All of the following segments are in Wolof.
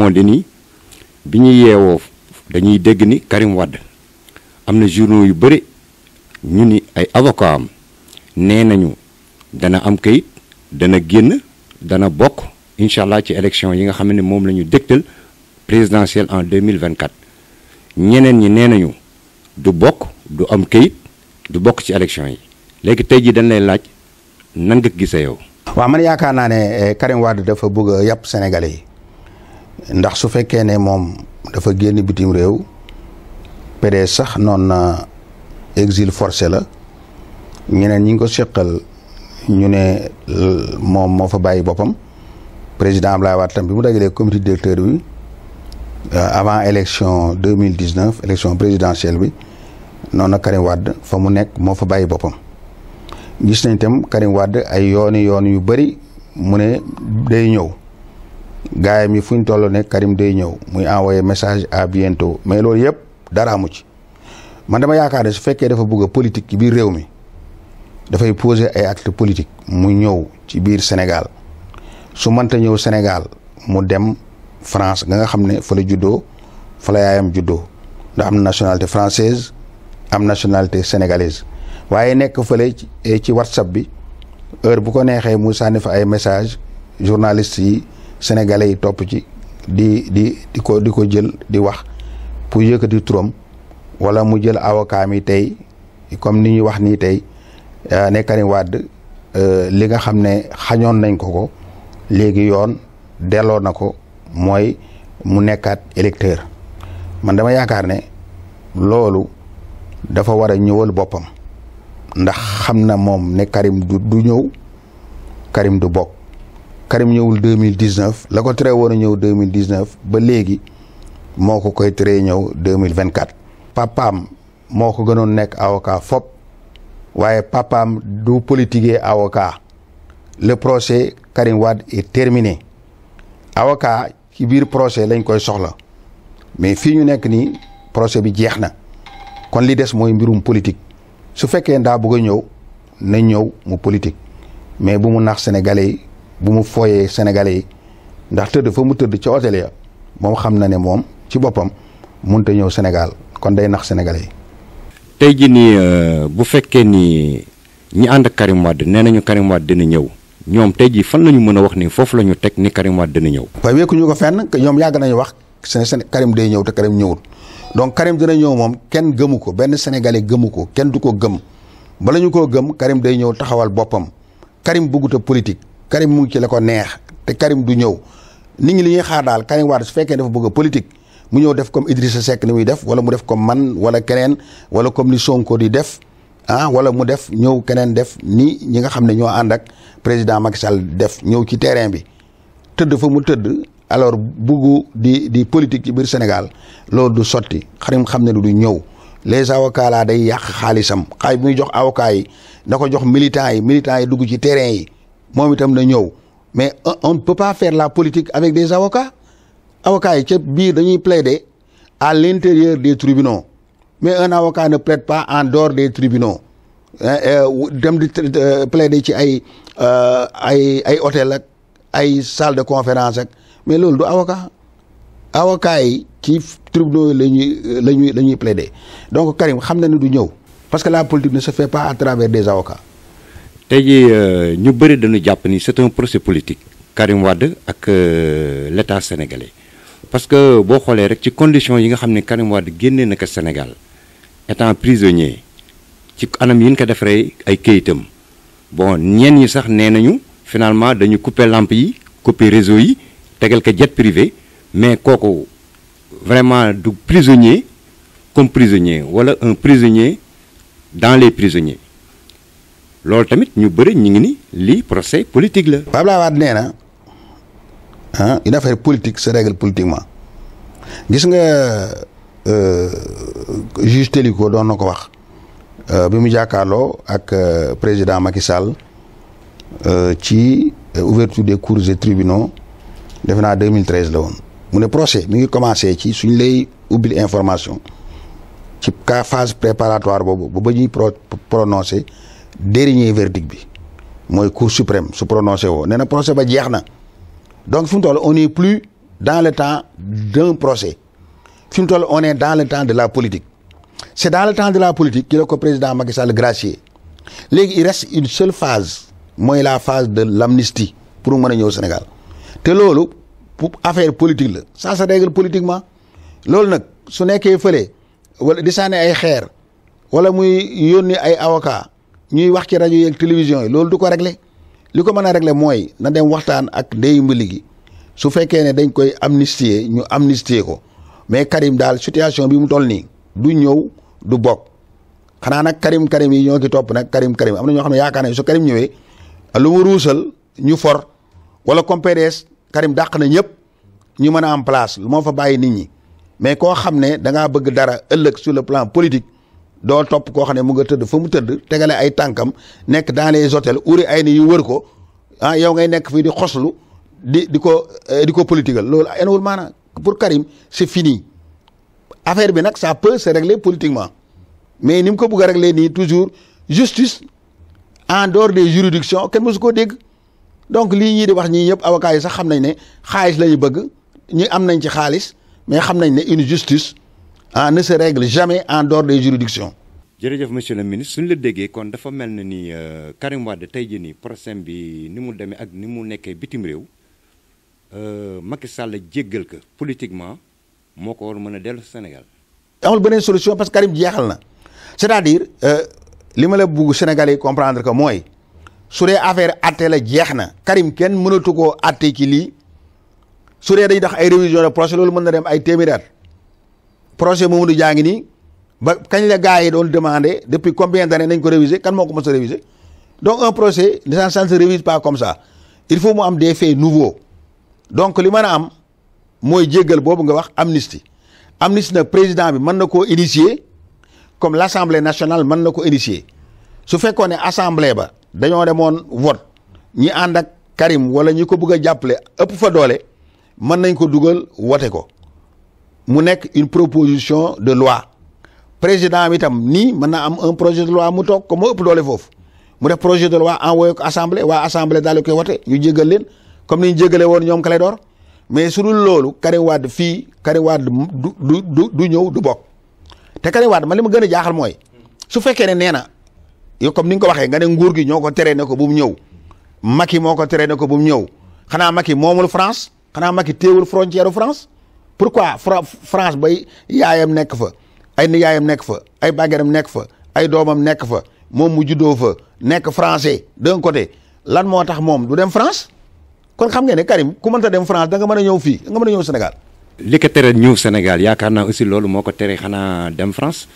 moo di ni bi ñuy yeewoo dañuy dégg ni Karim Wade am na journaux yu bëri ñu ni ay avocat am nee nañu dana am kayit dana génn dana bokk incha allah ci élection yi nga xam ne moom la ñu dégtal présidentielle en 2024 ñeneen ñi nee nañu du bokk du am kayit du bokk ci élection yi léegi tey jii dañ lay laaj nan nga gisee yow. waaw man yaakaar naa ne eh, Karim Wade dafa bëgg yàpp Sénégalais yi. ndax su fekkee ne moom dafa génn bitim réew PDS sax noon na exil forcé la ñeneen ñi ngi ko seqal ñu ne moom moo fa bàyyi boppam président Abdoulaye Wade tam bi mu dajalee commité directeur bi euh, avant élection deux mille dix neuf élection présidentielle bi noon na Karim Wade fa mu nekk moo fa bàyyi boppam gis nañ tam Karim Wade ay yooni yoon yu bëri mu ne day ñëw gaayam yi fu ñu toll ne Karim day ñëw muy envoyé message à bientôt mais loolu yëpp dara amu ci man dama yaakaar ne su fekkee dafa bëgg politique ci biir réew mi dafay poser ay acte politique mu ñëw ci biir Sénégal su mënta ñëw Sénégal mu dem France nga nga xam ne fa la juddoo fa la yaayam juddoo ndax am nationalité française am nationalité sénégalaise waaye nekk fële eh, ci WhatsApp bi heure bu ko neexee mu sànni fa ay message journaliste yi sénégalais yi topp ci di di di ko di ko jël di wax pour yëkkati turam wala mu jël avocat tey comme ni ñuy wax nii tey euh, ne Karim Wade euh, li nga xam ne xañoon nañ ko ko léegi yoon delloo na ko mooy mu nekkaat électeur man dama yaakaar ne loolu dafa war a ñëwal boppam ndax xam na moom ne Karim du du ñëw Karim du bokk Karim ñëwul deux mille dix neuf la ko tere woon ñëw deux mille ba léegi moo ko koy tere ñëw deux mille vingt quatre. papaam moo ko gënoon nekk avocat fop waaye papaam du politiquer avocat le procès Karim Wade est terminé avocat ci biir procès lañ koy soxla mais fii ñu nekk nii procès bi jeex na kon li des mooy mbirum politique su fekkee ndaa bëgg ñëw na ñëw mu politique mais bu mu nax sénégalais bu mu fooyee sénégalais yi ndax tëdd fa mu tëdd ca hôtel ya moom xam na ne moom ci boppam mun mënta ñëw Sénégal kon day nax sénégalais yi. tey jii nii euh, bu fekkee nii ñi ànd Karim Wade nee nañu Karim Wade dina ñëw ñoom tey jii fan la ñu mën a wax nii foofu la ñu teg ni Karim Wade dina ñëw. waaye wekkuñu ko fenn ñoom yàgg nañu wax seen Karim day ñëw te Karim ñëwul donc Karim dina ñëw moom kenn gëmu ko benn sénégalais gëmu ko kenn du ko gëm bala ñu koo gëm Karim day ñëw taxawal boppam Karim bëggut politique. Karim mu ngi ci la ko neex te Karim du ñëw nit ñi li ñuy xaar daal Karim Wade su fekkee dafa bëgg a politique mu ñëw def comme Idrissa Seck ni muy def wala mu def comme man wala keneen wala comme ni Sonko di def ah wala mu def ñëw keneen def nii ñi nga xam ne ñoo ànd ak président Macky Sall def ñëw ci terrain bi tëdd fa mu tëdd alors buggu di di politique ci biir Sénégal loolu du sotti Karim xam ne du ñëw les avocats laa day yàq xaalisam xaay bu jox avocats yi ko jox militants yi militants yi dugg ci terrain yi moom itam na ñëw mais on ne peut pas la politique avec des avocats avocats yi ca biir dañuy plaider à l'intérieur des tribunaux mais en avocat ne plaide pas en dehors des tribunaux euh, dem di euh, plaider ci ay euh, ay ay hôtel lak ay salle de conférence ak mais loolu du avocat avocat yi ci tribunaux yi la ñuy la ñuy la ñuy plaider donc Karim xam na ne du ñëw parce que la politique ne se fait pas à travers de avocats tey jii euh, ñu bëri dañu jàpp ni c'est un procès politique Karim Wade ak euh, l'État sénégalais parce que boo xoolee rek ci condition yi nga xam ne Karim Wade génnee na ko Sénégal étant prisonnier ci anam yi ñu ko defaree ay këyitam bon ñeen ñi sax nee nañu finalement dañu couper lampe yi couper réseau yi tegal ko jet privé mais kooku vraiment du prisonnier comme prisonnier wala un prisonnier dans les prisonniers loolu tamit ñu bëri ñu ngi ni lii procès politique la. Pape Abdoulaye Wade nee na ah une affaire politique se règle politiquement gis nga euh, juge Téliko doon na ko wax euh, bi mu jàkkaarloo ak euh, président Macky Sall ci ouverture des cours et tribunaux defe naa 2013 la woon mu ne procès mu ngi commencé ci suñ lay ubbil information ci cas phase préparatoire boobu ba ba ñuy pro dernier verdict bi mooy cour suprême su prononcé woo nee na procès ba jeex na donc fi mu toll on est plus dans le temps d'un procès fi mu toll on est le temps de la politique c'est dans le temps de la politique ki ko président Macky Sall gracier léegi il reste une seule phase mooy la phase de l'amnistie pour mu mën a ñëw Sénégal te loolu pour affaire politique la ça se règle politiquement loolu nag su nekkee fële wala di sànni ay xeer wala muy yónni ay avocat ñuy wax ci rajo yeeg télévision yi loolu du ko régler li ko mën a régler mooy na dem waxtaan ak ndeyu mbali gi su fekkee ne dañ koy amnistier ñu amnistier ko mais Karim daal situation bi mu toll nii du ñëw du bokk xanaa nag Karim Karim yi ñoo ki topp nag Karim Karim am na ñoo xam ne yaakaar ne su Karim ñëwee lu mu ruusal ñu for wala comme PDS Karim dàq na ñëpp ñu mën a am place moo fa bàyyi nit ñi mais koo xam ne da ngaa bëgg dara ëllëg sur le plan politique. doo topp koo xam ne mu nga tëdd fa mu tëdd tegale ay tànkam nekk dans les hôtels uri ay ni yu wër ko ah yow ngay nekk fii di xoslu di di ko eh, di ko politiqual loolu enwul maanaam pour Karim c'est fini affaire bi nag sa peu se régler politiquement mais ni mu ko bëgg a régler nii toujours justice en dehors des juridictions kenn mësu koo dégg donc lii ñii di wax ñii yëpp avocats yi sax xam nañ ne xaalis la ñu bëgg ñu am nañ ci xaalis mais xam nañ ne une justice ah ne se règle jamais en dehors des juridictions. jërëjëf monsieur le ministre suñu la déggee kon dafa mel na ni euh, Karim Wade tey jii nii procès bi ni mu demee ak ni mu nekkee bitim réew euh, Macky Sall jéggal ko politiquement moo ko war mën a dellu Sénégal. amul beneen solution parce que Karim jeexal na c'est-à-dire euh, li ma la bugg sénégal yi comprendre ko mooy su dee affaire atte la jeex na. Karim kenn mënatu koo atte ci lii su dee dañuy tax ay révision de loolu mën na dem ay téeméeri projet Mamadou Dia ngi nii ba kañ la gars yi doon demandé depuis combien d'années nañ ko réviser kan moo ko mos a réviser donc un projet ça ça ne se révise pas comme ça il faut mu am des faits nouveaux donc li man a am mooy jéggal boobu nga wax amnistie amnistie nag président bi mën na koo initier comme l' assemblée nationale mën na ko initier su fekkoon ne assemblée ba dañoo demoon vote ñi ànd ak Karim wala ñi ko bëgg a jàppale ëpp fa doole mën nañ ko dugal wote ko. mu nekk une proposition de loi président bi tam nii mën naa am un projet de loi mu toog ko moo ëpp doole foofu mu def projet de loi envoyé ko assemblée waa assemblée daal di koy wote ñu jégal leen comme ni ñu woon ñoom Clédor mais su dul loolu Karim Wade fii Karim Wade du du du ñëw du bokk te Karim Wade man li ma gën a jaaxal mooy su fekkee ne nee na yow comme ni nga ko waxee nga ne nguur gi ñoo ko teree ne ko bu mu ñëw Macky moo ko teree ne ko bu mu ñëw xanaa Macky moomul France xanaa Macky téewul frontière pour pourquoi France bay yaayam nekk fa ay nijaayam nekk fa ay bàggeeram nekk fa ay doomam nekk fa moom mu juddoo fa nekk français d'un côté lan moo tax moom du dem France kon xam ngeen ne Karim ku mënta dem France da mën a ñëw fii da nga mën a ñëw li ko tere ñëw Sénégal yaakaar naa aussi loolu moo ko tere xanaa dem France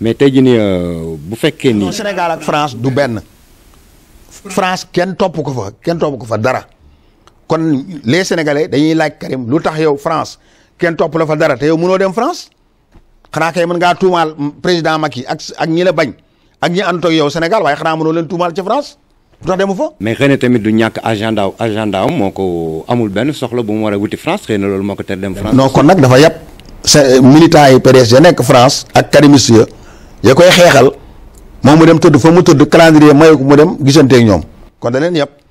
mais tey jii nii euh, bu fekkee ni. Sénégal France du benn France kenn topp ko fa kenn topp ko fa dara kon les Sénégalais dañuy laaj lu tax yow France. kenn topp la fa dara te yow mënoo dem France xanaa kay mën ngaa tuumaal président Macky ak ak ñi la bañ ak ñi àndut ak yow Sénégal waaye xanaa mënoo leen tuumaal ci France lu tax demu fa. mais xëy na tamit du ñàkk agenda agenda moo ko amul benn soxla bu mu war wuti France na loolu moo ko ter dem France. no kon nag dafa yàpp sa militant yi PDS ya nekk France ak karimiste ya ya koy xeexal moom mu dem tëdd fa mu tëdd calendrier mayu ko mu dem gisanteeg ñoom kon da leen yàpp